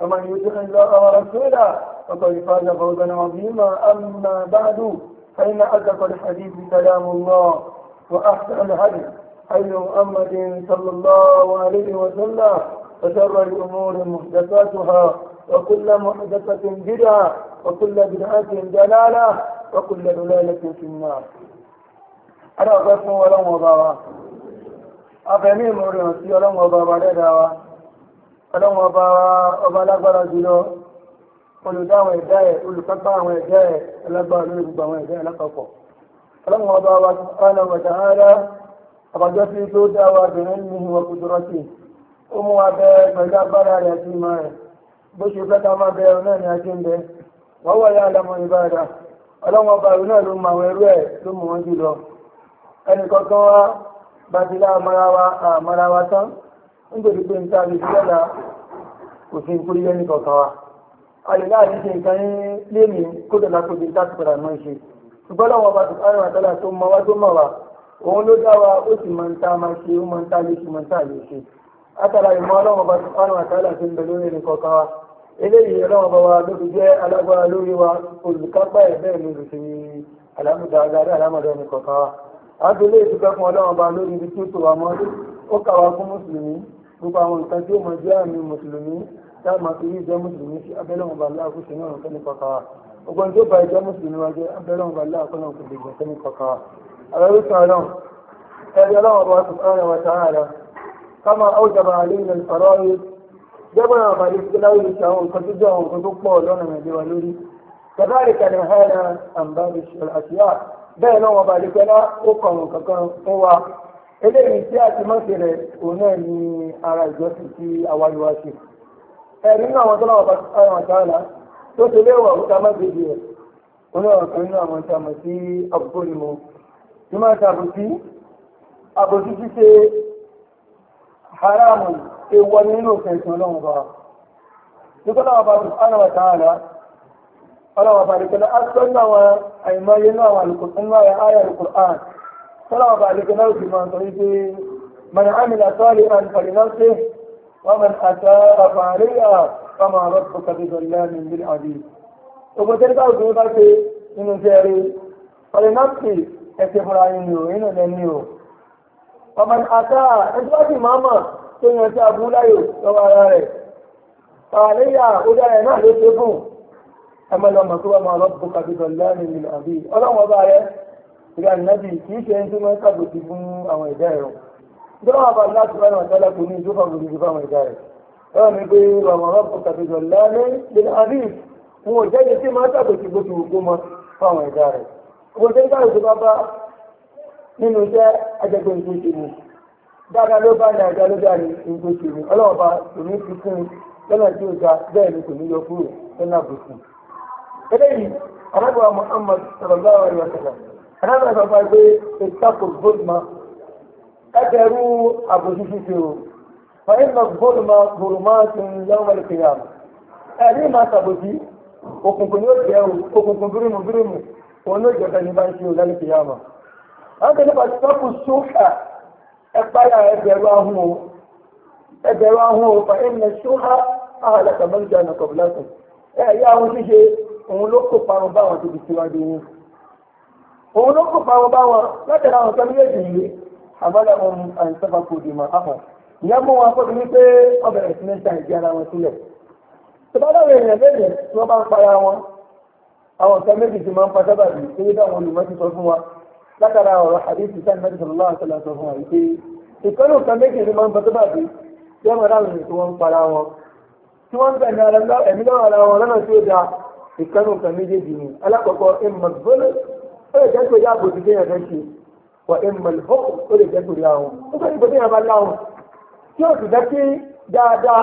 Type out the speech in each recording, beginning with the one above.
فمن يطع الله ورسوله فقد فاز فوزا عظيما أما بعد فإن أصدق الحديث كلام الله وأحسن الهدي حي محمد صلى الله عليه وسلم وشر الأمور محدثاتها وكل محدثة بدعة وكل بدعة دلالة وكل دلالة في النار أنا أقسم ولو مضاوى أفهمي مريم سي ولو مضاوى لدعوة ọlọ́run ọba ọba alágbára jùlọ olùdá àwọn ẹ̀dá ẹ̀ olùkápá àwọn ẹ̀dá ẹ̀ alágbára lórí gbogbo àwọn ẹ̀dá ara àbájọ́ sí tó dá wa bẹ̀rẹ̀ sí ó mú wa bẹ pẹ̀lú agbára rẹ̀ rẹ̀ bó ṣe fẹ́ ká bẹ náà ní ajé ń bẹ wọ́n yá ìbára náà ló mọ àwọn nítorí pé nǹkan àti ìṣẹ́lá kò sí nítorí ẹni kọ̀ọ̀kan wa a lè láàrin ṣe nǹkan ní lèmi kódà lápòdì láti padà mọ́ ṣe ṣùgbọ́n láwọn ọba tùkárẹ̀ àtàlà tó mọ wá mọ̀ wá òun ló dá wa ó sì máa ń tá máa ṣe ó máa ń tá lè ṣe máa ń tá lè ṣe látara ìmọ̀ ọlọ́run ọba tùkárẹ̀ àtàlà tó ń bẹ lórí ẹni kọ̀ọ̀kan wa eléyìí ọlọ́run ọba wa ló fi jẹ́ alágbára lórí wa olùkápá ẹ̀ bẹ́ẹ̀ ló fi àlámùdá agbára àlámọ̀dá ẹni kọ̀ọ̀kan wa. a ti lè dúpẹ́ fún ọlọ́run ọba lórí ibi tí ó tó wa mọ́ ó kà wá fún mùsùlùmí gbogbo àwọn nǹkan tí ó mọ̀ jẹ́ àmì mùsùlùmí tá a máa fi rí ìjẹ́ mùsùlùmí sí abẹ́lẹ̀ wọn bàlá àkóso náà nǹkan ní kọ̀ọ̀kan wa ogun tó bá ìjẹ́ mùsùlùmí wa jẹ́ abẹ́lẹ̀ lè gbọ̀n ní kọ̀ọ̀kan wa. àrẹ́rù wa eléyìí tí a ti mọ́ kẹrẹ òun náà ni ara ìjọsìn tí a ṣe ẹ̀rí nínú àwọn tó àwọn àtàlà tó ṣe léwà ó ta má gbèdì ẹ̀ òun náà kàn nínú àwọn ìtàmọ̀ sí ni mo tí máa ta àbòsí àbòsí ṣíṣe haramu ewọ nínú òfin ìsìn ọlọ́run bá ní kọ́ láwọn bá tó ara ọlọ́wọ́ bá àwọn àìmọye náà àwọn tọ́lá ọba àlejò náà sì máa sọ wípé mọ̀nà àmìlà sọ́ọ̀lì àǹfààní náà ṣe wọ́n mọ̀nà àṣà àfààrí àfàmà rọ́pò kàbíjọ lẹ́nu ìlú àbí. ogun tẹ́lifà òkú bá ṣe nínú iṣẹ́ rí ọ̀lẹ́ náà sì ẹ̀ṣẹ̀ fúnra yín ni ò nínú lẹ́ni o. wọ́n mọ̀nà àṣà ẹni bá sì máa mọ̀ tó yan sí abúláyò lọ́wọ́ ara rẹ̀. fààríyà ó dára náà ló ṣe fún ẹ̀mọ́ lọ́mọ tó wà máa rọ́pò kàbíjọ lẹ́nu ìlú àbí ọlọ́wọ́ bá rẹ̀ ìgbà ìnábì kì í ṣe ẹni tó máa ń ṣàbòsí fún àwọn ẹ̀dá ẹ̀rọ dọ́wọ́ àbá láti bá wọn tẹ́lẹ̀ kò ní ìjọba òdòdó fún àwọn ẹ̀dá rẹ̀ ẹ̀rọ mi pé ọmọ ọmọ kò tàbí jọ lálẹ́ lẹ́nu àbí wọn ò jẹ́jẹ tí máa ń ṣàbòsí bó ti wù kó mọ fún àwọn ẹ̀dá rẹ̀ owó tó ń bá ìjọba bá nínú iṣẹ́ ajẹgbẹ́ ìgbésẹ̀ mi dáadáa ló bá ní àjọ ló dá ní ìgbésẹ̀ mi ọlọ́ọ̀ba kò ní fi fún lọ́nà tí ó ga bẹ́ẹ̀ ni kò ní yọ kúrò lọ́nà àbòsí. eléyìí arábìnrin Muhammad sallallahu alaihi wasallam ẹ̀rọ ẹ̀rọ bá gbé ìtàkùn gbólùmọ́ ẹgbẹ̀rú àbòjútù ti o wọ́n yìí lọ gbólùmọ́ gbòrùmọ́ ti ń yọ́n wọlé kìyà ẹ̀rí máa tàbòjì òkùnkùn yóò jẹ́ o òkùnkùn bírímù bírímù òun ló jẹ́ bẹ́ni bá ń ṣe o lẹ́nu kìyà mọ́. wọ́n ti nípa ìtàkùn ṣókà ẹ̀páyà ẹgbẹ̀rú ahùn o ẹgbẹ̀rú ahùn o fàyè ní ṣókà àhàlẹ̀ kàmẹ́lì jẹ́ àná kọ̀ọ̀bù òun ló kò pàwọ́ bá wọn láti ra ọ̀sán méjèèjì yìí àbálẹ̀ ohun àìsọ́fà kò dì mọ́ àpọ̀ ìyá mú wọn fọ́bi wípé ọbẹ̀ rẹ̀ sí ní ta ìdí ara wọn sílẹ̀ tó bá dáwọ̀ èèyàn lẹ́yìn tí wọ́n bá ń para wọn àwọn ọ̀sán méjì ti máa ń padà bàbí eré dáwọn olùmọ̀ ti sọ fún wa látara ọ̀rọ̀ àdéhùn sáà mẹ́rin sọ̀rọ̀ láwọn sọ̀rọ̀ sọ fún wa wípé ìkọ́nù ọ̀sán méjì ni máa ń padà bàbí tí wọ́n dáwọn èèyàn tí wọ́n ń para wọn tí wọ́n ń bẹ̀rẹ̀ ẹ̀mí lọ́wọ́ ara wọn lọ́nà tí ó da ìkọ́nù ọ̀sán méjèèjì ni alákọ̀ọ́kọ́ umm ó lè jẹ́ pé yá àbòsí tí yẹn fẹ́ ṣe wà ẹ̀ mọ̀lẹ́ hókù ó lè jẹ́ pé láwọn ó fẹ́ ìbò tí yẹn bá láwọn tí ó sì fẹ́ kí dáadáa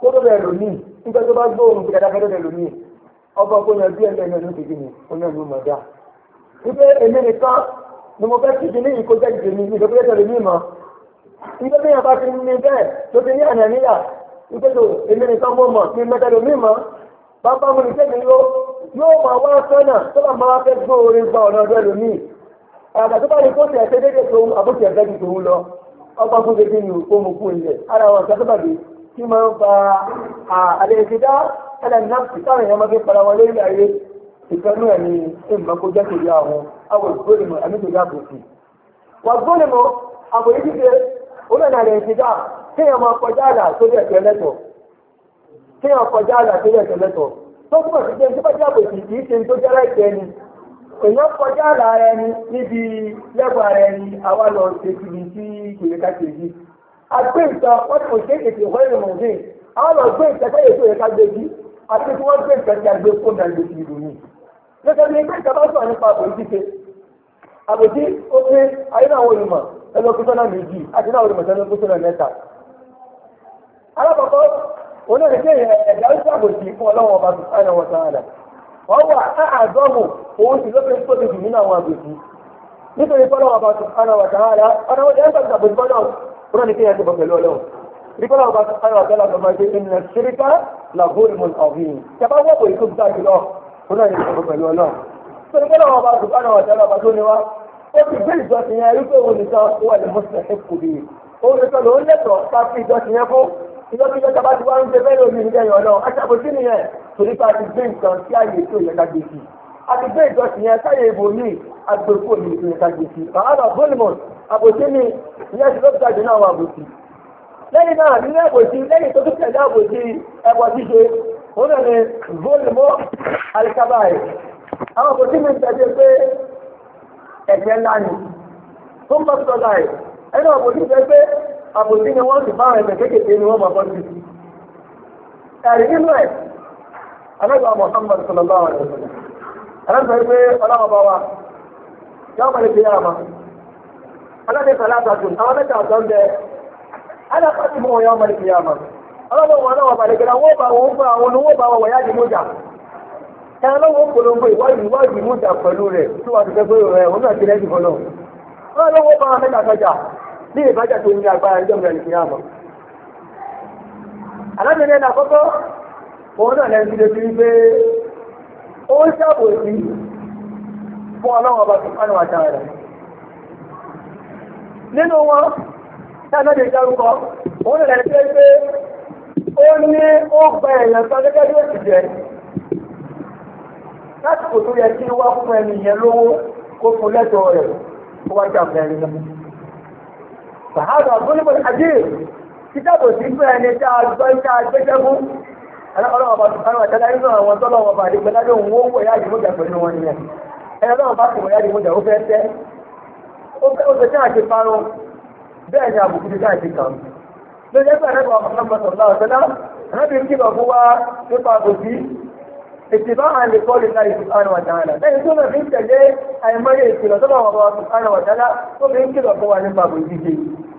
kó tó bẹ̀rẹ̀ lónìí nígbà tó bá gbóhùn sí dáadáa kó tó bẹ̀rẹ̀ lónìí ọba kó bí ẹ̀ lẹ́nu ẹ̀nu kìkì ni ó náà ló mọ̀ dá. wípé èmi nìkan ni mo fẹ́ kìkì ní ìkójẹ́ ìdè mi ní ìdókòwò tẹ̀lé mi mọ̀ nígbà tí yẹn bá ti ní bẹ́ẹ̀ tó ti ní àná níyà wípé tó èmi nìkan mo mọ̀ kí mẹ́tẹ́lómi mọ̀ bá bá mo ní sẹ́mi yóò yóò máa wá sọ́nà tó máa máa fẹ́ gbọ́ orin gba ọ̀nà ọ̀dọ́ lómi àgbà tó bá ní kó tẹ̀ ṣe déédéé tòun àbótiẹ̀ fẹ́ ju tòun lọ ọgbà fún gẹ́gẹ́ ní òmù fún ilẹ̀ ara wọn kan tó bàbí tí máa ń fa àlẹ́sídá ẹlẹ́nàfì táwọn èèyàn máa fi para wọn lórí ayé ìfẹ́nú ẹ̀mí ìmọ̀kó jẹ́ tòlú àwọn àwọn ìgbónimọ̀ ẹ̀mí tòlú àbòsí wà gbónimọ̀ àbòyí ṣíṣe olóòna àlẹ́sídá kéèyàn máa kọjá àlà tó dẹ̀ tẹ́lẹ̀tọ̀ kéèyàn kọjá àlà tó dẹ̀ tẹ́lẹ̀tọ̀ tó túmọ̀ sí pé nígbà tí àbòsí kì í ṣe tó jẹ́ láìpẹ́ ni èèyàn kọjá àlà ara ẹni níbi lẹ́gbọ̀n ara ẹni àwa lọ ṣe kiri sí ìgbèríkà kejì àgbé ìtàn wọ́n ti kò ṣe ètò ìwé ìrìnàmọ̀dé àwọn lọ gbé ìtàn sẹ́yìn ètò ìrìnàmọ̀dé gbèjì àti tí wọ́n gbé ìtàn tí a gbé fóònù àgbèjì ìlú ni. gẹ́gẹ́ bí ẹgbẹ́ ìjọba sọ̀rọ̀ nípa àbòsí ṣe àbòsí ó pé ayé náà wọ́n olùmọ̀ ẹlọ́kùn sọ́nà méjì àti náà olùmọ̀ sọ́nà mẹ́ta. alákọ̀ọ́kọ́ olórí pé ẹ̀dá ń ṣàbòsí fún ọlọ́wọ́ ọba sùpáìnà wọn sáárà wọ́n wà áàdọ́mù òun sì lókè tóbi jù nínú àwọn àgbèsí nítorí fọ́lọ́wọ́ ọba sùpáìnà wọn sáárà ọ̀nà wọn jẹ́ ń ṣàbòsí fọ́lọ́wọ́ olórí pé ẹ̀dá ń ṣàbòsí pẹ̀lú ọlọ́wọ́ ríkọ́lá ọba sọ́kàrà ọ̀tẹ́lá ọmọ ẹgbẹ́ ìnà ṣíríkà làbórímù ọ̀hìn tẹ́bá wọ́pọ̀ ìkó gbà jùlọ fún náà ìṣòro pẹ̀lú ọlọ́ tó ríkọ́lá ọba sọ́kàrà ọ̀tẹ́lá ọba tó níwá ó ti gbé ìjọsìn yẹn rí pé òun nìkan wà ní mọ́sílẹ̀ ẹ̀kú bíi òun nìkan yẹn fún ìjọ kí lọ́ta bá ti wá ń ṣe bẹ́ẹ̀ lómi ìrìnlẹ̀ yọ̀ lọ aṣàbòsí nìyẹn torí pé a ti gbé nǹkan sí àyè tó yẹ ká gbé sí a ti gbé ìjọsìn yẹn sáyè ìbò ní agbègbè òní tó yẹ ká gbé sí fàhálà bọ́ọ̀lùmọ̀n àbòsí ni ìyẹn ti lọ́ta jù náà wà àbòsí lẹ́yìn náà nínú àbòsí lẹ́yìn tó tún tẹ̀lé àbòsí ẹ̀bọ̀ ṣíṣe òun náà ni bọ́ọ̀lùmọ̀ alikabai àwọn àbòsí mi tẹ̀lé pé ẹ̀jẹ̀ ńlá ni tó ń bọ́ àbòsí ni wọ́n sì bá àwọn ẹ̀bẹ̀ ni wọ́n máa bọ́ sí. ẹ̀rí nínú ẹ̀ alẹ́gbà Muhammad sallallahu alaihi wasallam alẹ́gbà pé ọlọ́mọba wa yọ ọmọ ìgbé yàrá ọlọ́dẹ kàlá àtàkùn àwọn mẹ́ta àtọ́n bẹ alápàtì mọ́ yọ ọmọ ìgbé yàrá ọlọ́dẹ wọn náà wà wọ́n bá wọn bá wọn wọ̀ ẹ̀rọ lọ́wọ́ polongo ìwádìí ìwádìí pẹ̀lú rẹ̀ tí wọ́n ti fẹ́ bí ìbájá tó ní agbára ẹjọ́ mi àlùkìyà mọ̀. alábìnrin ẹ̀nà àkọ́kọ́ òun náà lẹ́nu ti fi pé ó ń ṣàbò sí fún ọlọ́run ọba tó fánà àtà rẹ̀. nínú wọn táná lè dárúkọ òun náà lẹ́nu ti pé ó ní ó gba èèyàn kan gẹ́gẹ́ bí òsì jẹ́ láti kò tó yẹ kí wá fún ẹni yẹn lówó kó fún lẹ́tọ̀ọ́ rẹ̀ kó wá jà fún ẹni sàhádà gbólúgbò àjẹ́ títàbò sí fún ẹni tá a gbọ́ tá a gbẹ́jẹ́ fún ọlọ́wọ́ bá tún àwọn àtàlà nínú àwọn tọ́lọ́wọ́ bá àdìgbẹ́ lájọ òun ó wọ̀ yá àdìmọ́jà pẹ̀lú wọn nìyẹn ẹni ọlọ́wọ́ bá sì wọ̀ yá àdìmọ́jà ó fẹ́ tẹ́ ó fẹ́ tí a ti parun bẹ́ẹ̀ ni àbùkù ti dáì ti kàn lórí ẹgbẹ́ rẹ̀ wà mọ̀tàmọ̀ sọ̀rọ̀ ọ̀sẹ̀lá rábì ń kìlọ̀ fún wa nípa àbòsí ìtìbá àwọn lè kọ́ lè láì sùpárùn wàtàlá lẹ́yìn tó lọ fi ń tẹ̀lé àìmọye ìkìlọ̀ tó lọ́wọ́ bá sùpárùn wàtàlá tó fi ń kìlọ̀ fún wa nípa àbòsí yìí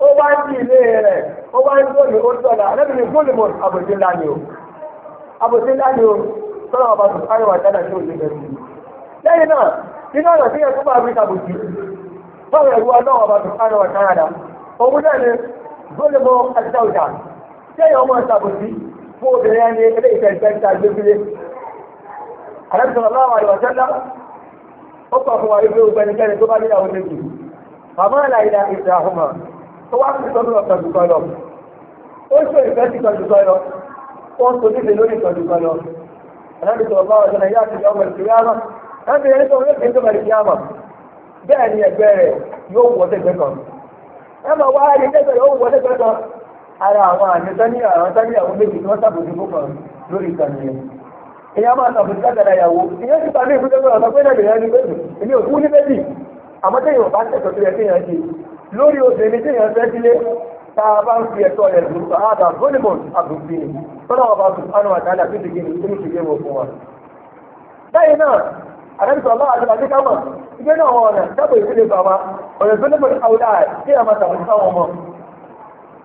ó wá ń di ilé rẹ̀ ó wá ń gbóni ó sọ̀dà anábìrin gbóni mọ̀ àbòsí ńlá ni o àbòsí ńlá ni o sọ́nà ọba tó sáré wà dáadáa tí ó lè bẹ̀rù lẹ́yìn náà nínú ọ̀nà tí yẹn tó bá rí tàbùkì fáwọn ẹ̀rú ọlọ́wọ́ ọba tó sáré wà dáadáa òun náà ni gbóni mọ̀ àti dáwùdà sẹ́yìn ọmọ ìtàbùkì fún obìnrin ẹni ilé ìfẹ́ ìfẹ́ta gbégbélé. Àrẹ́bí sọ̀rọ̀ láwọn àyọ̀ sẹ́lá, ó pọ̀ fún wa ilé ogun ẹnikẹ́ni tó bá níyàwó méjì. Bàbá àlàyé ìdá ìdá àhùmà, tó wá sí ìtọ́jú ọ̀kan jùkọ lọ ó ṣe ìfẹ́ sí ìtọ́jú kan lọ ó ń soníṣe lórí ìtọ́jú kan lọ ẹ̀rẹ́bí sọ̀rọ̀ bá ọ̀sẹ̀ náà yá àti ọmọ ìṣúrí àmà ẹ̀rẹ́bí ẹni sọ̀rọ̀ lókè ń tọ́mọ̀ ìṣúrí àmà bẹ́ẹ̀ ni ẹgbẹ́ rẹ̀ yóò wọ́ sẹ́gbẹ́ kan ẹ máa wá ẹni tẹ́gbẹ́ yóò wọ́ sẹ́gbẹ́ kan ara àwọn àmì tání àwọn tání àwọn méjì tí wọ́n sàbòjú fún kan lórí ìkànnì yẹn ìyá máa sàbòjú látara ìyàwó ìyẹn ti ta ní ìfúnjẹ́ pé ọ̀sán pé náà lè rẹ́ ní pé èmi ò kú ní méjì àmọ́ tẹ́yìn ò bá tẹ̀sọ̀ tó yẹ kéèyàn ṣe lórí obìnrin tí èèyàn fẹ́ sílé tá bá ń fi ẹ̀tọ́ rẹ̀ dùn sọ àdá fúnimọ̀ àbùkù ni fọlọ́ wọn bá tún àtàlà tó ti gé ní ìdílé ìṣègbè wọn fún wa. lẹ́yìn náà àdébìtọ̀ ìgbé náà wọn ọ̀nà bàbá ọ̀nà tó àwùdá a máa tàbùkù ọmọ.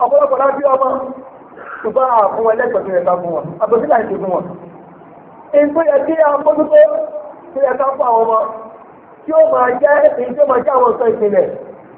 ọ̀pọ̀lọpọ̀ láti ọmọ àfún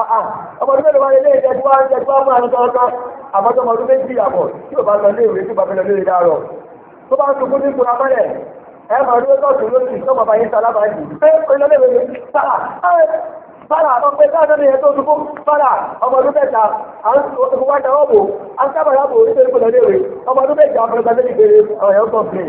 Ah, ah. ọmọdún mélòó wá ilé ìjẹ́jú wá ìjẹ́jú wá mú àwọn ọ̀tọ̀ọ̀tọ̀ àbọ̀tọ̀ ọmọdún méjì àbọ̀ tí ò bá lọ ilé ìwé tí ò bá lọ ilé ìdárọ̀ tó bá ń sunkún ní ìkura mọ́lẹ̀ ẹ máa dúró tọ̀tù lóṣù tó bàbá yín sálábà yìí pé ilé ìwé mi sára fara àwọn pé sáà lórí ẹ̀tọ́ òdúgbò fara ọmọ ọdún mẹ́ta àwọn ìwádìí àwọn ọ̀bọ̀ àwọn sábà yàgò orí tó ń pè lọ léwe ọmọ ọdún mẹ́ta àwọn ìgbàlódé ìgbèrè ọ̀yọ́ kọ̀ọ̀pìn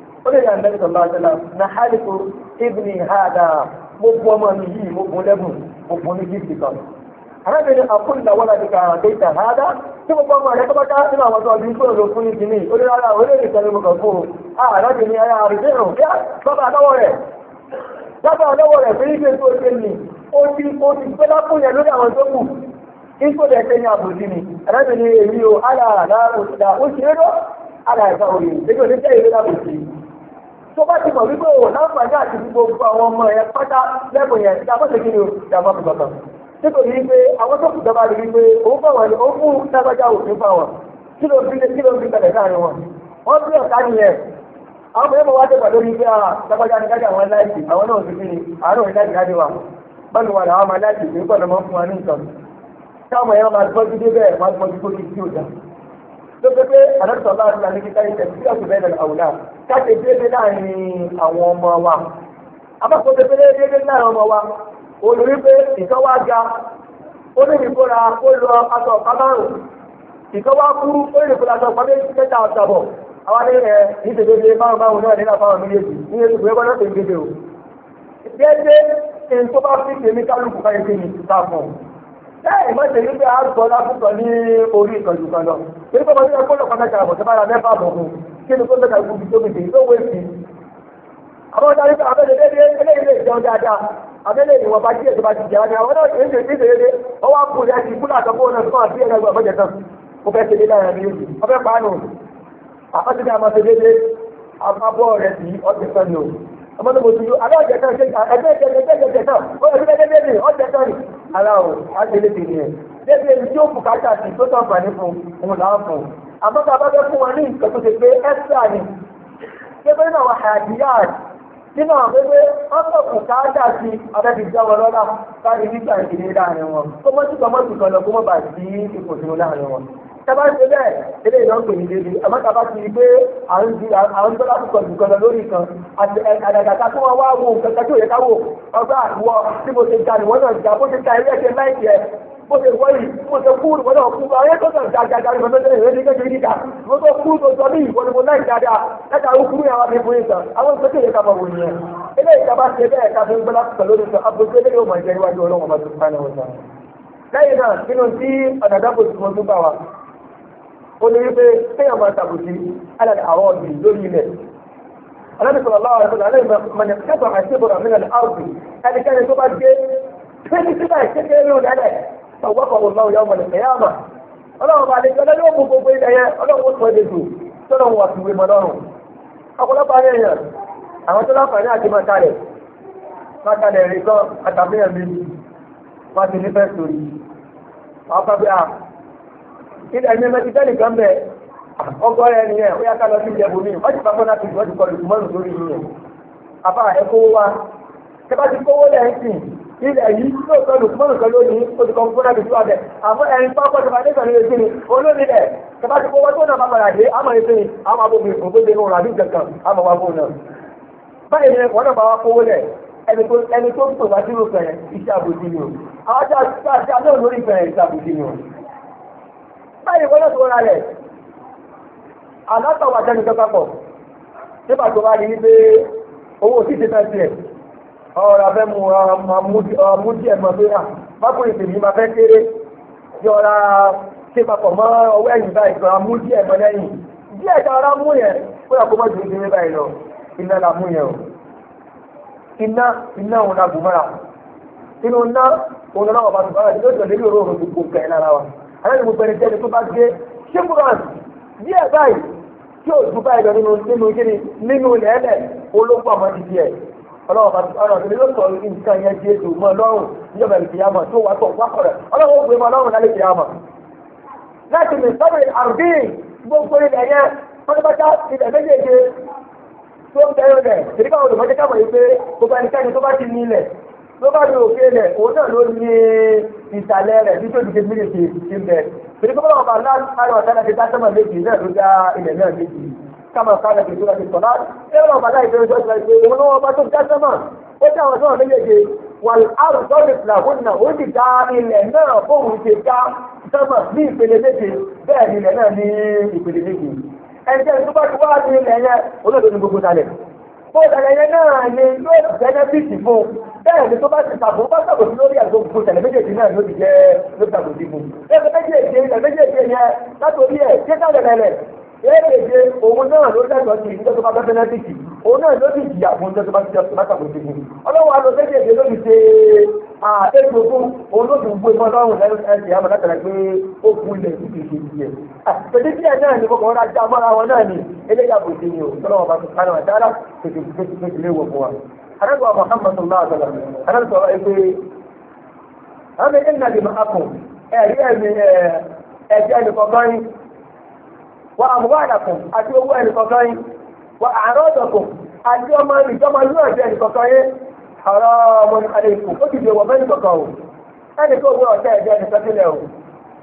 ó lè yà Ànábì sallallahu alaihi wasallam na haliku ibni hada mo bu ọmọ mi yìí mo bùn lẹ́bùn mo bùn ní gíìsì kan. arábìnrin àkúndà wọn àti kàdéta hada tí mo bọ́ ọmọ rẹ kọ́kọ́ káàkiri àwọn ọ̀dọ́ ọdún kúrò ló fún ní kìíní ó lè rárá ó lè rí sẹ́ni mo kàn fún o ah, arábìnrin ayá àrùbẹ́rù bí bàbá àdáwọ̀ rẹ̀ bàbá àdáwọ̀ rẹ̀ fi ní tó ṣe ní ó ti ó ti pẹ́ lápò lórí àwọn tó kù ikú rẹ̀ ṣe àbòsí ni arábìnrin èyí o alàlá òṣìṣẹ́ ó ṣe é lọ alàìsàn òyìn tó bá ti mọ̀ wípé o láǹfààní àti gbogbo àwọn ọmọ ẹ̀ pátá yẹn a bá ṣe kí ni tí a bá fi bàtà nítorí wípé àwọn tó kù dábàá rí wípé òun fáwọn ni òun fún lágbájá òfin fáwọn kí ló fi kí ló fi kalẹ̀ láàrin wọn wọ́n fi ọ̀tá nìyẹn àwọn ọmọ yẹn mọ̀ wá dé pàdé a ah, lágbájá ni kájà àwọn láìsí àwọn náà fi ni àárọ̀ ló pé pé àdàtọ̀ bá ti àlejò káyé tẹ̀sí sí ọ̀sùn bẹ́ẹ̀ àwùlá káṣe déédéé láàrin àwọn ọmọ wa abákòó pé déédéé láàrin ọmọ wa olórí pé ìtọ́wá ga ó lè nìkóra ó lọ aṣọ ọ̀pá márùn-ún ìtọ́wá kúrú ó lè nìkóra aṣọ ọ̀pá mẹ́ta ọ̀tàbọ̀ àwọn ní ẹ̀ ní tètè márùn márùn náà nínú àfáwọn méjèèjì ní ètò ìwé gbọ́dọ̀ tó ń gbèdè o déédéé ní tó bá fi tèmi kálukú káyé ẹ̀ má ṣe wípé a sọ ní orí ìkànjú kan lọ mẹ́ta àbọ̀ mẹ́fà bọ̀ fún kí ni kó mẹ́ta ikú tóbi dé lówó èsì àwọn ọ̀dà nípa abẹ́lé lé dáadáa abẹ́lé ìwọ̀n bá ti jẹ́ wájú àwọn náà ṣe é ṣe déédé ó fẹ́ ṣe rẹ̀ ní ọfẹ́ pàánù àkọsílẹ̀ àmọ́ ọmọdé mo ti lu aláàjẹ náà ṣe ẹgbẹ ìjẹjẹ ìjẹjẹ ìjẹjẹ náà ó yẹ kí bẹ́ẹ̀ bẹ́ẹ̀ ọjẹ náà ni. ara o a ṣe lébi ni ẹ lébi ẹni tí ó bu kájà sí tó tàn fàní fún òun là ń fún àmọ́ tá a bá fẹ́ fún wọn ní nǹkan tó ṣe pé ẹ́sà ni kébé náà wà àyàdíyà nínú àwọn pépé ọkọ̀ kù káàdà sí abẹ́bí ìjà wọn lọ́la káàdì nígbà ìdílé láàrin wọn kó mọ́tìkọ́ mọ́tìkọ́ lọ kó mọ́ bàtí ipò tó láàrin wọn tábà ṣe bẹ́ẹ̀ ilé ìdánwò ní dédé àmọ́ tábà ti rí pé à ń di à ń tọ́lá púpọ̀ nǹkan lọ lórí kan àti àdàgà ká fún wa wá wo nǹkan kan tó yẹ ká wò ọgbà àtiwọ́ tí mo ṣe ga nìwọ́n náà ga bó ṣe ta ilé ẹ̀ṣẹ̀ láìsí ẹ̀ bó ṣe wọ́ yìí bó ṣe kú ìwọ́n náà kú ayé tó sàn gàgàgà ní ọdún tẹ́lẹ̀ ìrẹ́lẹ́ kékeré níta mo tó kú tó sọ ní ìwọ́n ni mo láì dáadáa lẹ́ka àwọn kúrú yàrá mi fún ìtàn àwọn ìgbésẹ̀ yẹn ká máa wò yẹn eléyìí ká bá ṣe bẹ́ẹ̀ ká fi ń gbọ́dá pẹ̀lú oníṣẹ́ àbójú eléyìí ó máa jẹ́ iwájú ọlọ́wọ́n bá tó fáná wọn sàn lẹ́yìn náà nínú tí ọ̀nà dábò tí mo tún bá wa ó lè rí pé kéèyàn máa tàbùtì alẹ́ àwọn ọ̀gbìn lórí ilẹ̀ alábìsọ̀rọ̀ aláwọ̀ àti alẹ́ ìmọ̀nà kẹfà àti ìbọ̀rọ̀ àmì nàlẹ́ àrùbí ẹnikẹ́ni tó bá gé pẹ́ẹ́ni síbà kékeré ọ̀wọ́pọ̀ a ilẹ̀ ẹ̀mí ẹ̀mí tẹ́lẹ̀ kan bẹ̀ ọgọ́ rẹ̀ ni ẹ̀ ó yá ká lọ sí ìjẹ̀bù mi wọ́n ti pàpọ̀ láti wọ́n ti kọlu mọ́nù lórí mi yẹn àbá ẹ̀ kówó wa ṣé bá ti kówó lẹ̀ ń sìn ilẹ̀ yìí tó kọlu mọ́nù kan lónìí ó ti kọ́ fún láti tó ọbẹ̀ àmọ́ ẹ̀rín pápọ̀ tó máa dẹ́sẹ̀ lórí kíni olórí rẹ̀ ṣé bá ti kówó tó náà bá padà dé àmọ́ ẹ̀ sìn àmọ́ abóbi ìfòkóde nù ràbí kankan àmọ́ wa fóun náà báyìí ni wọ́n náà bá wa ẹni báyìí wọ́n lọ́sùn wọ́n rẹ̀ alátọ̀wà jẹ́nu tó papọ̀ nígbà tó wá rí wípé owó sí ti fẹ́ tiẹ̀ ọ̀rọ̀ afẹ́ mu mú díẹ̀ mọ̀ pé mákùnrin tèmi máa fẹ́ kéré yọra ṣe papọ̀ mọ́ ọwọ́ ẹ̀yìn báyìí kan mú díẹ̀ mọ́ lẹ́yìn díẹ̀ ta ara mú yẹn ó yà kó mọ́ ju ìdílé báyìí lọ iná la mú yẹn o iná iná òun la bù mọ́ra inú iná òun náà wà bá tù bá rà lóṣù lórí òróòrò gbogbo kẹ́ lára wa àwọn ìlú gbogbo ẹnikẹ́ni tó bá gbé ṣíkùrán díẹ̀ báyìí tí ò ju báyìí lọ nínú nínú kíni nínú lẹ́lẹ̀ olóńgbò àmọ́ ti di ẹ̀ ọlọ́wọ́ bá ti ọ̀rọ̀ ìdílé yóò sọ nǹkan yẹn di ètò mọ́ lọ́rùn níjọba ìkìyàmọ̀ tó wà tó wà kọ̀rọ̀ ọlọ́wọ́ ó gbé mọ́ lọ́rùn lálẹ́ ìkìyàmọ̀ láti mi sọ́bìrì àrùbí gbogbo ilẹ̀ yẹn pátápátá ilẹ̀ méjèèjì tó ń tẹ́lẹ̀ rẹ̀ ìdíkà olùmọ̀jẹ́ká mọ̀ yìí pé gbogbo ẹnikẹ́ni tó bá ti ní ilẹ̀ tó bá ní òkè ilẹ̀ òun náà ló ní ìsàlẹ̀ rẹ̀ bí tó dìde mílíọ̀tì ti bẹ̀. Torí kọ́ bọ́lá ọ̀bà láàrin ọ̀tá ti dá méjì náà ló dá ilẹ̀ náà méjì. Kámọ̀ kára ti dúró ti sọ̀ náà. Ṣé bọ́lá ọ̀bà láì fẹ́rẹ́ sọ́sọ́ ìpè òun lọ́wọ́ ọba tó dá sọ́mọ̀? Ó dá àwọn sọ́mọ̀ Wàl àrùn sọ́ọ̀dì fìlàfún ó ti dá ilẹ̀ náà fóun ti dá sọ́mọ̀ ní ìpele méje bẹ́ẹ̀ ni ilẹ̀ náà ní ìpele méje. Ẹ̀jẹ̀ tó wá ní ilẹ̀ yẹn olóòtú ni gbogbo talẹ̀ bó ṣẹlẹ̀yẹ náà ni yóò bẹ́nẹ́fìtì fún un bẹ́ẹ̀ ni tó bá ti tàbó bá tàbòsí lórí àgbègbè tẹ̀lé méjèèjì náà ló ti jẹ́ ló ti tàbòsí fún un. bẹ́ẹ̀ méjèèjì ilẹ̀ méjèèjì yẹn látòrí ẹ̀ ṣé ká lẹ̀ lẹ̀ léèdè òun náà ló lẹ́tọ̀ọ́ sí ìjọ tó bá bẹ́ bẹ́nẹ́fìtì òun náà ló ti jìyà fún ìjọ tó bá tàbòsí fún un. ọlọ́wọ́ àtẹ́gbogbo olóògbé mọ́tọ́rùn ẹ̀sìn àmọ́ látara pé ó kú ilẹ̀ sí kìí ṣe ìyẹn. pẹ̀lú bí ẹ̀ náà ni kọ́kọ́ wọn ajá mọ́ra wọn náà ni eléyà kò ṣe yìí o tọ́lọ́wọ́ bá tún kánú àtàrà tètè tètè tètè lé wọ̀ fún wa. arábìnrin wa Muhammad sallallahu alaihi wa sallam arábìnrin sọ̀rọ̀ ẹ pé àmì ẹ̀ nà lè máa kùn ẹ̀rí ẹ̀mí ẹ̀jẹ̀ ẹnìkọ̀kan yín wa àmúwàdàkùn àti owó ẹnìkọ̀kan yín wa àrọ́dọ̀kùn àti ọmọ ìjọba lóòjẹ́ ẹnìkọ̀kan yín haramun aleikum ó ti di ọmọ mẹ́rin kọ̀ọ̀kan o ẹnì kó wọ́n ọ̀tá ẹ̀jẹ̀ ẹnì sẹ́sílẹ̀ o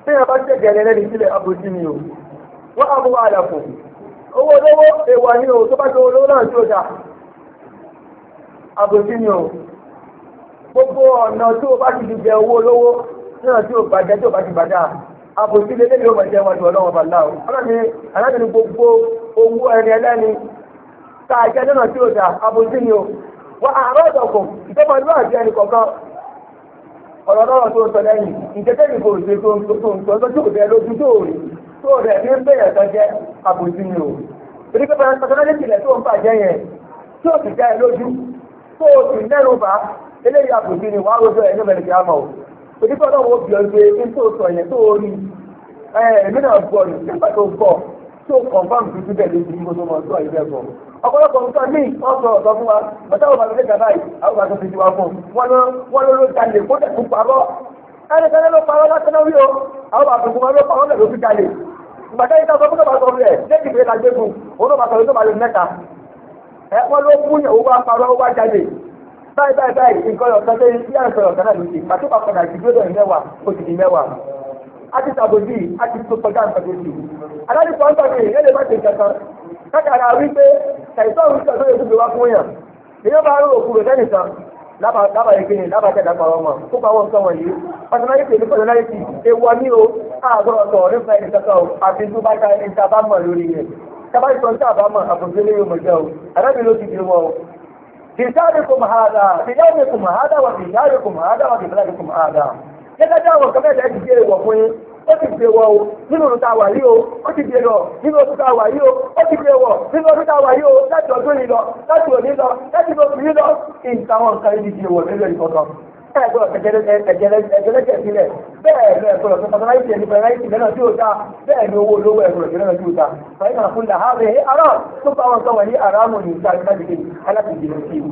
tí wọ́n bá ṣe jẹ̀rẹ̀ lẹ́nu sílẹ̀ abòjì ni o wọ́n á owó olówó o tó bá ṣe olówó náà tó dà o gbogbo ọ̀nà o bá ti di jẹ owó olówó náà o bàjẹ́ o bá ti bàjá jẹ́ ọlọ́wọ́ bàlá o ni gbogbo owó ẹni ẹlẹ́ni wọ́n àárọ̀ ìdọ̀kùn ìjọba ìlú àti ẹnì kọ̀ọ̀kan ọ̀rọ̀ lọ́rọ̀ tó ń sọ lẹ́yìn ìjẹ́jẹ́ ìbò òṣè tó ń sọ tó tó rẹ̀ lójú tó rẹ̀ tó rẹ̀ ní ń bẹ̀rẹ̀ kan jẹ́ àbòsí ni o torí pé pẹ̀lẹ́pẹ̀lẹ́ tilẹ̀ tó ń bàjẹ́ yẹn tó sì jẹ́ lójú tó sì nẹ́rù bá eléyìí àbòsí ni wàá rojọ́ ẹ̀ ní mẹ́rin kí á mọ̀ o torí pé ọlọ́wọ́ bí ọ tó kọ̀ǹfàm fi síbẹ̀ lójú ní gbogbo ọmọ ọdún àyíká ẹ̀kọ́. ọ̀pọ̀lọpọ̀ nǹkan ní ọ̀sọ̀ ọ̀sọ̀ fún wa bàtà wọn bàtà lẹ́ka báyìí àwọn bàtà fi ti wá fún wọn wọn ló ló jalè kó dẹ̀ tún parọ́ ẹnikẹ́ni ló parọ́ lásán náà wí o àwọn bàtà fún wọn ló parọ́ lẹ̀ ló fi jalè. ìgbàdá yìí náà fọ́nmọ́tò bàtà rẹ̀ lẹ́yìn ìgbé lajẹ́ fún òun ló bàtà ló tó bàtà mẹ́ta wọ́n ló fún yẹn owó aparọ́ owó ajalè báyìí báyìí báyìí nǹkan ọ̀sán lé yíyá nǹkan ọ̀sán náà ló ti pàtó pàpàdà ìdúró àti tàbòjì àti tó kọjá tàbòjì adájú kan tàbí ẹlẹ́ má ti kankan kákàrà wípé kàìsọ́ òun sọ lórí ìdúgbò wá fún yàn èyí bá rò òkú rẹ̀ sẹ́nìkan lábàá yìí kéde lábàá kẹta pa ọmọ kó pa wọn sọ wọ̀nyí pàtàkì ní pàtàkì ewọ ní o àgbọ̀rọ̀ sọ̀rọ̀ nípa ẹni kankan o àti tó bá ka ẹni tàbá mọ̀ lórí rẹ̀ tàbá ìsọ̀ ní tàbá mọ̀ àbùsọ̀ lé yóò mọ̀ jẹ́ o àdábì ló ti di wọn o. kìsáàdì kò mọ̀ hàdà kìsáàdì kò mọ̀ hàdà wà kìsáàdì kò mọ̀ hàdà wà kìsáàdì kò mọ̀ hàdà gẹ́gẹ́ bí àwọn kẹ́kẹ́ rẹ̀ ti di èèwọ̀ fún yín ó ti di èèwọ̀ o nínú ọdún tá a wà yìí o ó ti di èèwọ̀ nínú ọdún tá a wà yìí o ó ti di èèwọ̀ nínú ọdún tá a wà yìí o láti ọdún yìí lọ láti òní lọ láti oṣù yìí lọ ìtàwọn nǹkan ibi di èèwọ̀ nílẹ̀ ìkọ̀kan ẹ̀gbọ́n ẹ̀jẹ̀lẹ́jẹ̀ sílẹ̀ bẹ́ẹ̀ ni ẹ̀gbọ́n ọ̀sán pàtàkì ẹ̀ní pẹ̀láìtì lẹ́nà tí ó dá bẹ́ẹ̀ ni owó olówó ẹ̀gbọ́n ọ̀sán lẹ́nà tí ó dá fàyínà fún làhárẹ̀ ẹ̀ ará tó bá wọn sọ̀wọ̀ ní àràmù ní ìta ìta ìdílé alákìjìnà sí i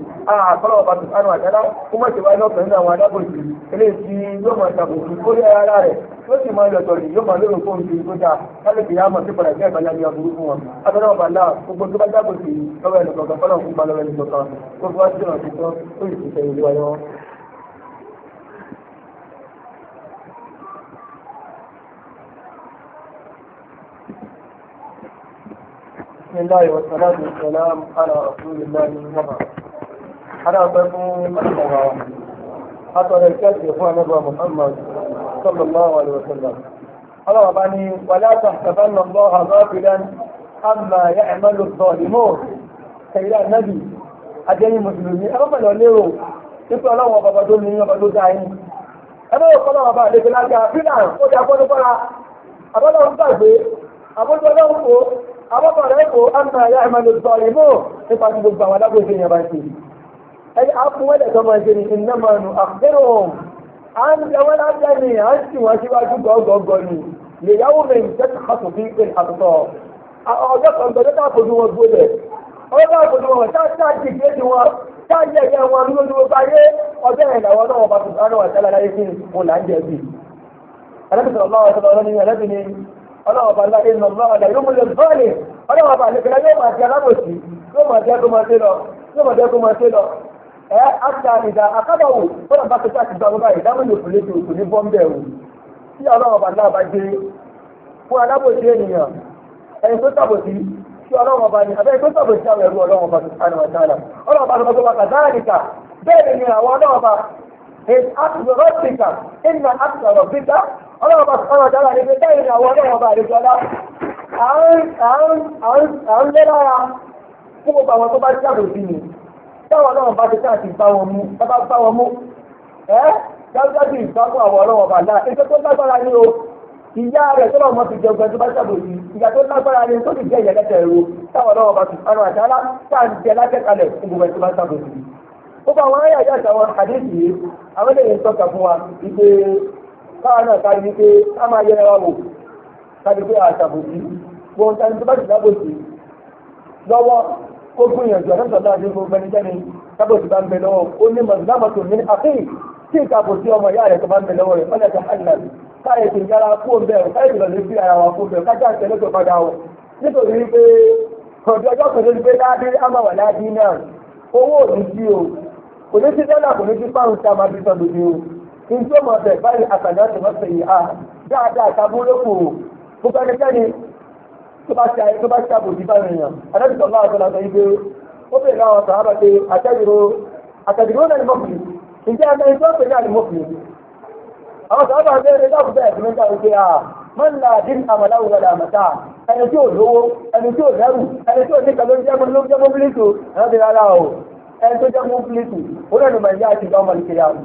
àkọlọ́ ọba tó sánú àtàlá kó mọ̀ ṣèwá iná pẹ̀lú àwọn adágòjì eléyìí tí yóò máa ṣàbòkù kórí ara rẹ̀ yóò sì máa lọ̀tọ̀ yìí yóò máa lérò fóun ti tó dáa lálẹ́ kìí àmọ̀ sí padà jẹ́ ìbálẹ̀ àbíyá burúkú wọn abẹ́rẹ́ ọba náà gbogbo tó bá dágòjì lọ́wọ́ ẹnì kọ̀ọ̀kan fọlọ́ọ̀kú gba lọ́wọ́ ẹnì kọ̀ọ̀kan gbogbo wá sí ọ̀nà tuntun ó sì بسم الله والصلاة والسلام على رسول الله وبعد على بنو الحرام حتى الكاتب هو نبي محمد صلى الله عليه وسلم قال رباني ولا تحسبن الله غافلا عما يعمل الظالمون سيدنا النبي أجل المسلمين أما لو ليروا nípa ọlọ́wọ́ bàbá tó ní ọba tó dáa yín ẹgbẹ́ òkú ọlọ́wọ́ bá lè fi lágbára fílà ó dá àbọ̀bọ̀ rẹ̀ kò ánà ayá ìmọ̀lẹ̀ sọ̀rọ̀ mọ́ nípa ti gbogbo àwọn alágbèsè yẹn bá ṣe ẹni àfúnwẹ́lẹ̀ tó máa ṣe ní iná máa nù àfẹ́rò àwọn ajá ni à ń sì wọ́n síwájú gọ́gọ́gọ́ ni lè yáwó mi ń tẹ́tà kàtó bí pé àtọ̀ ọjọ́ kan gbọ́dọ̀ tá àfojú wọn gbọ́dẹ̀ ọjọ́ àfojú wọn tá tá dìgbé ti wọn tá yẹ yẹ wọn ní ojú ọba ọjọ́ yẹn náà bá tuntun náà wọn tẹ́lẹ̀ láyé ọlọ́wọ́ bá láyé lọ lọ́wọ́dà yóò múlẹ̀ bọ́ọ̀lì ọlọ́wọ́ bá lẹ́kẹ̀lá yóò máa ti alábòsí yóò máa ti ẹkọ máa ṣe lọ yóò máa ti ẹkọ máa ṣe lọ ẹ áfíà ìdá akábàwò bọ́lá bá ti sáà ti gba ọlọ́ba ìdámúlò kò lè tòkò ní bọ́ńbẹ̀ o tí ọlọ́wọ́ bá náà bá dé fún alábòsí ènìyàn ẹni tó sàbòsí tí ọlọ́wọ́ bá ní abẹ́rẹ́ tó sàbòsí àwọn ẹ̀rú ọlọ́wọ́ bá ti sánú ọ̀tá ọlọ́wọ́ bá ti sọ́kọ́ bá kàzáàdìkà bẹ́ẹ̀ ni àwọn ọlọ́wọ́ bá is at the rọ́ọ̀tìkà in na at the rọ́ọ̀tìkà ọlọ́ọ̀bá sọ́nà dára ní pé bẹ́ẹ̀ ni àwọn ọlọ́ọ̀bá àdéjọ́lá à ń lẹ́lára fún gbogbo àwọn tó bá ti sáàbò sí ni táwọn ọlọ́ọ̀bá ti káàkiri bá wọn mú bá bá wọn mú ẹ́ dájúdájú ìbámu àwọn ọlọ́ọ̀bá náà ètò tó lágbára ni o ìyá rẹ̀ tó lọ́mọ ti jẹun tó bá sáàbò sí ìyá tó lágbára ni tó ti jẹ́ ìyẹ́lẹ́tẹ̀ ẹ̀rọ káà náà ká di pé ká máa yẹ ẹran wò ká di pé àṣàbòsí gbọ́n tani tó bá ti dábòsí lọ́wọ́ kó gbìyànjú àtàtà náà ní gbogbo ẹni jẹ́ni dábòsí bá ń bẹ lọ́wọ́ ó ní màdùmámàtò ní àfihì tí ìkàbòsí ọmọ ìyá rẹ̀ tó bá ń bẹ lọ́wọ́ rẹ̀ fọ́nà ti hànà káyẹ̀ tó yára fóun bẹ́ẹ̀ káyẹ̀ tó lọ sí ara wa fóun bẹ́ẹ̀ kájà njẹ́ ọmọ ọ̀sẹ̀ báyìí àtàlẹ́ ọ̀sẹ̀ bá ṣe yìí ha dáadáa ìtàbó lóko kó bá kẹ́kẹ́ni tó bá ṣe tó bá ṣe àbòjì bá rìn yàn àdájọ́ ọ̀gá ọ̀sẹ̀ làtọ̀ yìí pé ó bèèrè àwọn ọ̀sẹ̀ àbá pé àtẹ́yìrò àtẹ̀dìrò náà ni mọ̀kì njẹ́ ẹni tó pè náà ni mọ̀kì àwọn ọ̀sẹ̀ àbá bẹ́ẹ̀rẹ̀ dáàbò bẹ́ẹ̀ fún mẹ́ta wípé a mọ́nà dín àmàláwò wọlé àmàtà ẹni tí ò lówó ẹni tí ò lẹ́rù ẹni tí ò ní kàló jẹ́mọ́ ló jẹ́mọ́ bílíkù ẹni tó jẹ́mọ́ bílíkù ó lẹ́nu màá yá àti ìgbà ọmọ nìkejì àwọn.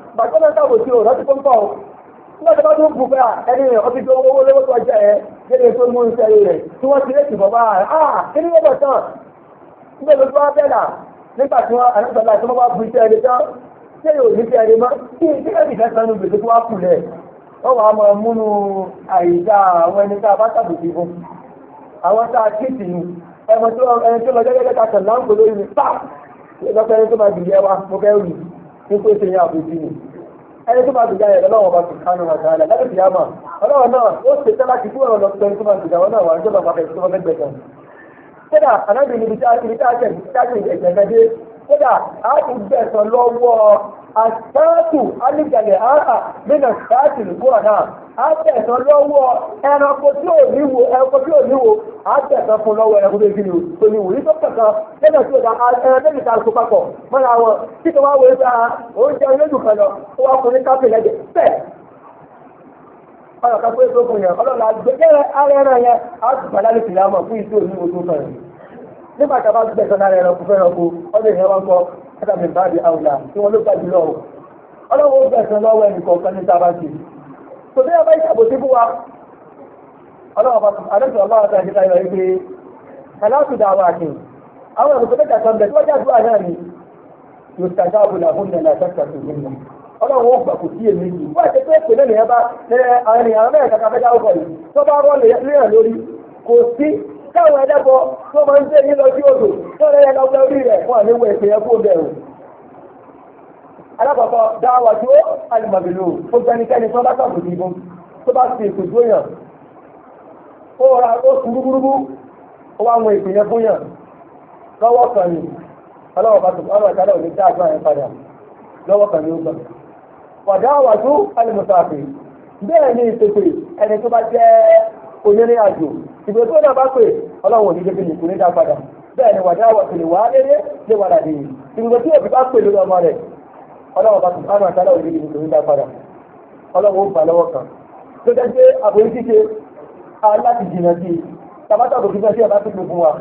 bàtọ́lá táwọn o ọ̀rọ̀ ti pọ́npọ́ o nígbà tó bá tún bù fẹ́ à ẹni ọtí tó owó lówó tó ọjà ẹ lédè tó mú iṣẹ́ rẹ̀ tí wọ́n ti léèkì bàbá rẹ̀ à kí ni wọ́n bọ̀ tán nígbà tó wá bẹ́ẹ̀ là nígbà tí wọ́n àlọ́sọ̀lá tí wọ́n bá bu iṣẹ́ rẹ̀ tán ṣé yóò ní iṣẹ́ rẹ̀ mọ́ kí ní kí ẹ̀mí fẹ́ẹ́ sanu gbèsè tó wá kù lẹ̀ wọ́n wàá mọ múnú àyíká àwọn ẹni tá a bá tàbùkù fún àwọn tá a kéèkì ni ẹni tó lọ jẹ́jẹ́ kẹta kẹ̀ láǹkó lórí mi pá lọ́pẹ́ ẹni tó máa dìde wa mo fẹ́ rù pípé ṣe yẹn àbójú ni ẹni tó bá ti jáde lọ́wọ́ bá ti kánú wa dáadáa lábẹ́ ti yàmà ọlọ́wọ́ náà ó ṣe tẹ́lá ti kúrò lọ pẹ́ tó bá ti dáwọ́ náà wà ní tó bá bá fẹ́ tó kódà ànábì níbi tá a ti ní tá a ti ẹ̀jẹ̀ kódà á ti gbẹ̀sán lọ́wọ́ àtàkù alìjẹ̀lẹ̀ àhà nínú sáàtì lùkúrà náà á gbẹ̀sán lọ́wọ́ ẹranko tí ò níwò ẹranko tí fún ẹranko tó tó tí da wọn tí wá wọlé sáà kan lọ ó wá fún ní káfí lẹ́jẹ̀ bẹ́ẹ̀ ọ̀rọ̀ kan pé fún yẹn nígbà tá a bá gbẹ̀sán lára ẹranko fẹ́ranko ọdún ìyẹn wọn kọ ádàmì báàbí àwùlà tí wọn ló gbàjú lọ ọlọ́wọ́ ó lọ́wọ́ ẹnì kọ̀ọ̀kan ní sábà ṣe tó bí ọba ìṣàbò sí ọlọ́wọ́ ọlọ́wọ́ káwọn ẹlẹ́bọ tó máa ń tẹ̀ yín lọ tó rẹ̀ lọ́gbẹ́ orí rẹ̀ wọ́n ní wẹ̀sẹ̀ yẹn kó alákọ̀ọ́kọ́ dáwà tó ó gbẹnikẹ́ni tó bá sàbòsí ibú tó bá ti èkó tó yàn ó ó ó wá wọn fún yàn lọ́wọ́ kan ní ọlọ́wọ́ bá tó ọlọ́wọ́ kan ní ó gbà. wàdà àwàtú alùmọ̀sáfì onírìn àjò ìgbé tó náà bá pè ọlọ́run òní débi nìkú dá padà bẹ́ẹ̀ ni wàdá wà tẹ̀lé wàá léré lé wàdà dé yìí ìgbé tí òbí bá pè lórí ọmọ rẹ̀ ọlọ́run bá tún kánú àtàlà òní débi nìkú ní dá padà ọlọ́run ó bà lọ́wọ́ kan tó jẹ́ pé àbòrí ṣíṣe aláti jìnà sí tàbátà kò fífẹ́ sí ọ̀bá tó gbogbo wa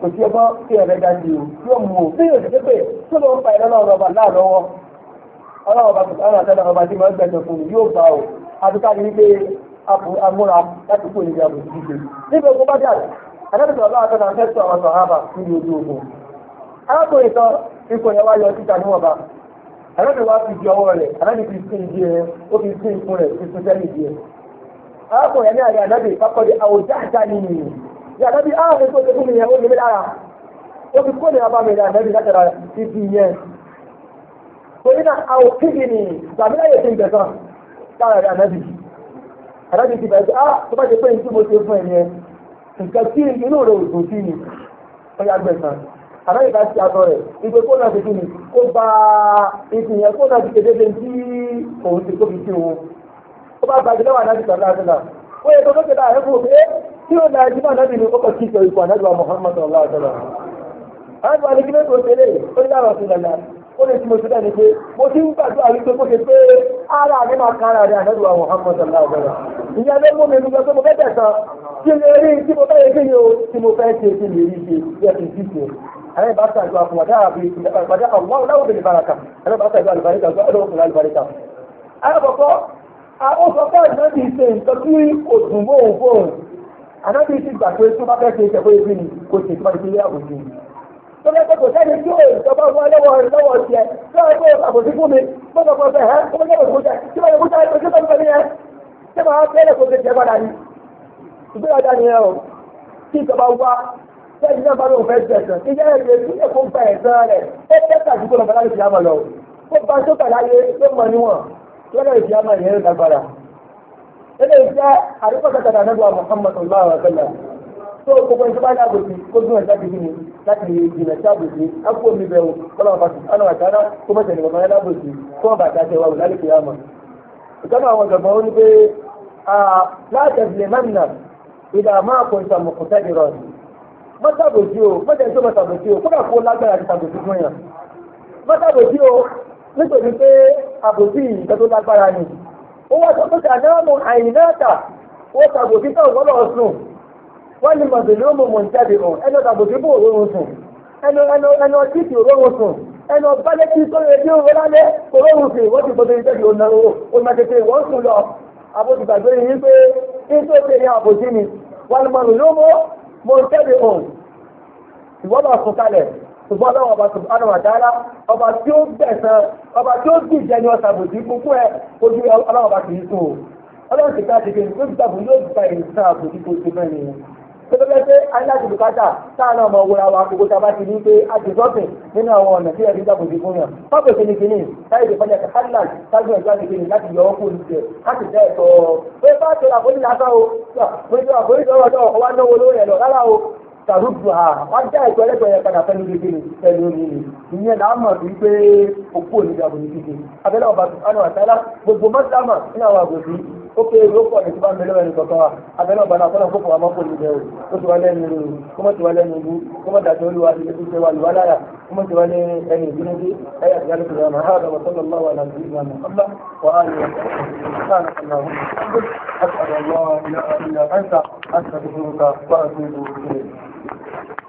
kò sí ọgbọ́n sí ọ̀rẹ́ dájú o yóò mú o bí yóò ṣe pé tó ló ń pa ẹ̀rọ náà rọba náà ọlọ́run bá tún kánú àtàlà ọba tí mo ń gbẹ̀sẹ̀ fún yóò bá o àdúgbò amúra láti kó ìrìn àbò ìdíje níbi ogun bá dàrú àdájọ́ ìjọba àtọ́nà ń tẹ́tù àwọn sọ̀hábà níbi ojú ogun arákùnrin kan ikọ̀ yẹn wá yọ níwọ̀nba àdájọ́ wa fi di ọwọ́ rẹ̀ àdájọ́ fi sí ìdí ẹ̀ ó fi sí ìfun rẹ̀ fi sún sẹ́yìn ìdí arákùnrin yẹn ní àyè àdájọ́ ìpákọ́dé àdájọ́ ti bàjẹ́ ah tó bá jẹ́ pé nǹkan mo ṣe fún ẹ̀yẹ nǹkan tí inú rẹ̀ ò dùn sí ni ó yà gbẹ̀sán àdájọ́ bá ti àtọ̀ rẹ̀ ìgbé kó náà ti kí ni kó bá ìsìn yẹn kó náà ti kedere tí òun ti tóbi sí òun ó bá bàjẹ́ lọ́wọ́ àdájọ́ tàbí àtúnà ó yẹ kó tó kéde àyẹ̀ fún òfin tí ó náà jùmọ̀ náà nínú kókò tí ìṣòro ìkọ̀ àdájọ́ Muhammad sallallahu alaihi wasallam àdájọ́ alẹ́gbẹ́ tó ṣe lé ó ní láwọn ọ̀sìn lọ́la ó lè tí mo ti dá ní pé mo ti ń gbàdúrà wípé kó ṣe pé ara mi máa kára rẹ̀ àdájọ́ Muhammad sallallahu alaihi wasallam ìyá ló mú mi lùgbọ́ tó mo fẹ́ tẹ̀sán kí lè rí tí mo fẹ́ yẹ kí o tí mo fẹ́ ṣe kí lè rí ṣe yẹ kí n ti ṣe. Àwọn ìbá ṣàjọ àfọwọ́dá àbí ìpàdé àwọn ọ̀láwọ̀ bẹ̀rẹ̀ bàràkà. Àwọn ìbá ṣàjọ àlùbáríkà gbọ́ ọ̀dọ̀ òkùnrin àlùbáríkà. Àkọ́kọ́, àwọn sọ fún àjọ ti ṣe nǹkan tí kò dùn mọ́ òun fóun. Ànábì ti gbà pé tó bá fẹ́ ṣe ìṣẹ̀fọ́ ebi ni kò ṣe tó bá ti fi yá òjì. Tó bá kò sẹ́ni tí òun ìjọba wọn lọ́wọ́ lọ́wọ́ tiẹ̀, tó bá kò àbòsí fún mi, tó bá kò fẹ́ hẹ́, tó bá kò fẹ́ hẹ́, tó bá ṣé màá tẹ́lẹ̀ kó tẹ̀sẹ̀ padà ní ìgbéyàwó dání ẹ o kí ìjọba wá sẹ́yìn náà bá lóun fẹ́ tẹ̀sán kí yẹ́rẹ́ rẹ̀ kí lè fún bẹ̀rẹ̀ sán rẹ̀ ó tẹ́ka àdúgbò lọ́ba láti fi àmà lọ ó bá sókà láyé ló mọ níwọ̀n lọ́dọ̀ ìfi àmà ìyẹn lágbára eléyìí jẹ́ àdúgbò kàtàkà nàbọ̀ Muhammad sallallahu alaihi wa sallam tó gbogbo ìjọba ní àbòsí kó dún ẹ̀dá gidi ni láti ìjìnlẹ̀ sí àbòsí ápò mi bẹ̀rù kọ́lá ìkànnì àwọn ìjọba ó ní pé látẹ̀sílẹ̀ mẹ́rinà ìdá máa kó ìtàn mọ̀kútẹ́ ìrọ̀ ni mọ́tàbòjì o mọ́tàbòjì o mọ́tàbòjì o kódà kó lágbára ti tàbòjì fún yàn mọ́tàbòjì o nítorí pé àbòjì ìkan tó lágbára ni ó wá sọ pé kàdáàmù àìnáàtà ó tàbòjì tó gbọ́dọ̀ sùn wọ́n ní mọ̀tòlómù mọ̀ntẹ́bì ọ̀ ẹni tàbòjì bò ẹnu ọba lẹ́kí sọ́rọ̀ ẹbí òwe lálẹ́ òróòrùn sí wọ́n ti gbọdọ̀ ìtẹ́jú ọ̀nà owó ọ̀nà kékeré wọ́n sùn lọ àbójúgbàgbé yìí pé nítorí ṣe ní àbòjì ni wọn mọ ló mọ mo ń tẹ́lẹ̀ òun ìwọ́n bá sùn kalẹ̀ ṣùgbọ́n ọlọ́wọ́ ọba subhanahu wa ta'ala ọba tí ó gbẹ̀sán ọba tí ó bì jẹ́ ní ọ̀sà àbòjì kúkú ẹ̀ ojú ọlọ́wọ́ ọba kì í sùn ọlọ́wọ́ ti ká ṣe kí n gbé tó bẹ́ẹ̀ pé aláàjì bùkátà táà náà mọ wura wa gbogbo tá a bá ti ní pé a ti sọ́sìn nínú àwọn ọ̀nà tí ẹ̀rí gbàgbọ́ ti fún yàn. pápá ìpinnu kìíní táyé ti fọ́jà kálá tájú ẹ̀jọ́ àti kìíní láti yọ ọkọ̀ olùjẹ láti jẹ́ ẹ̀tọ́ pé bá a ti àforí lásán o pé àforí lọ́wọ́ náà ọwọ́ náwó lórí ẹ̀ lọ rárá o tàrúdù ha wọ́n jẹ́ ẹ̀tọ́ ẹlẹ́tọ̀ yẹn padà fẹ́ ní gbèdé pẹ̀lú omi ni ìyẹn là á mọ̀ sí pé òkú òní ìjàmbá ní kíkì abẹ́lẹ́ ọba àná àtàlà gbogbo mọ́sálàmà nínú àwọn àgbòsí ó pé ewu ó pọ̀ nítorí bá ń bẹ̀rẹ̀ ẹni kankan wa abẹ́rẹ́ ọ̀bàdàn akọ́nà kó fọwọ́ mọ́kò ní bẹ̀rù ó ti wá lẹ́nu rú kó mọ̀ ti wá lẹ́nu rú kó mọ̀ dàtí olúwa ti lè ṣe wà lùwà lára kó mọ̀ ti wá lẹ́nu ẹni ìbínú bí ẹ̀yà ti yálẹ̀ tìlẹ̀ máa hàdà wọ́n sọ́nà lọ́wọ́ àlàbí ìgbàmù ọ̀lá wà á lè wọ́n sọ́nà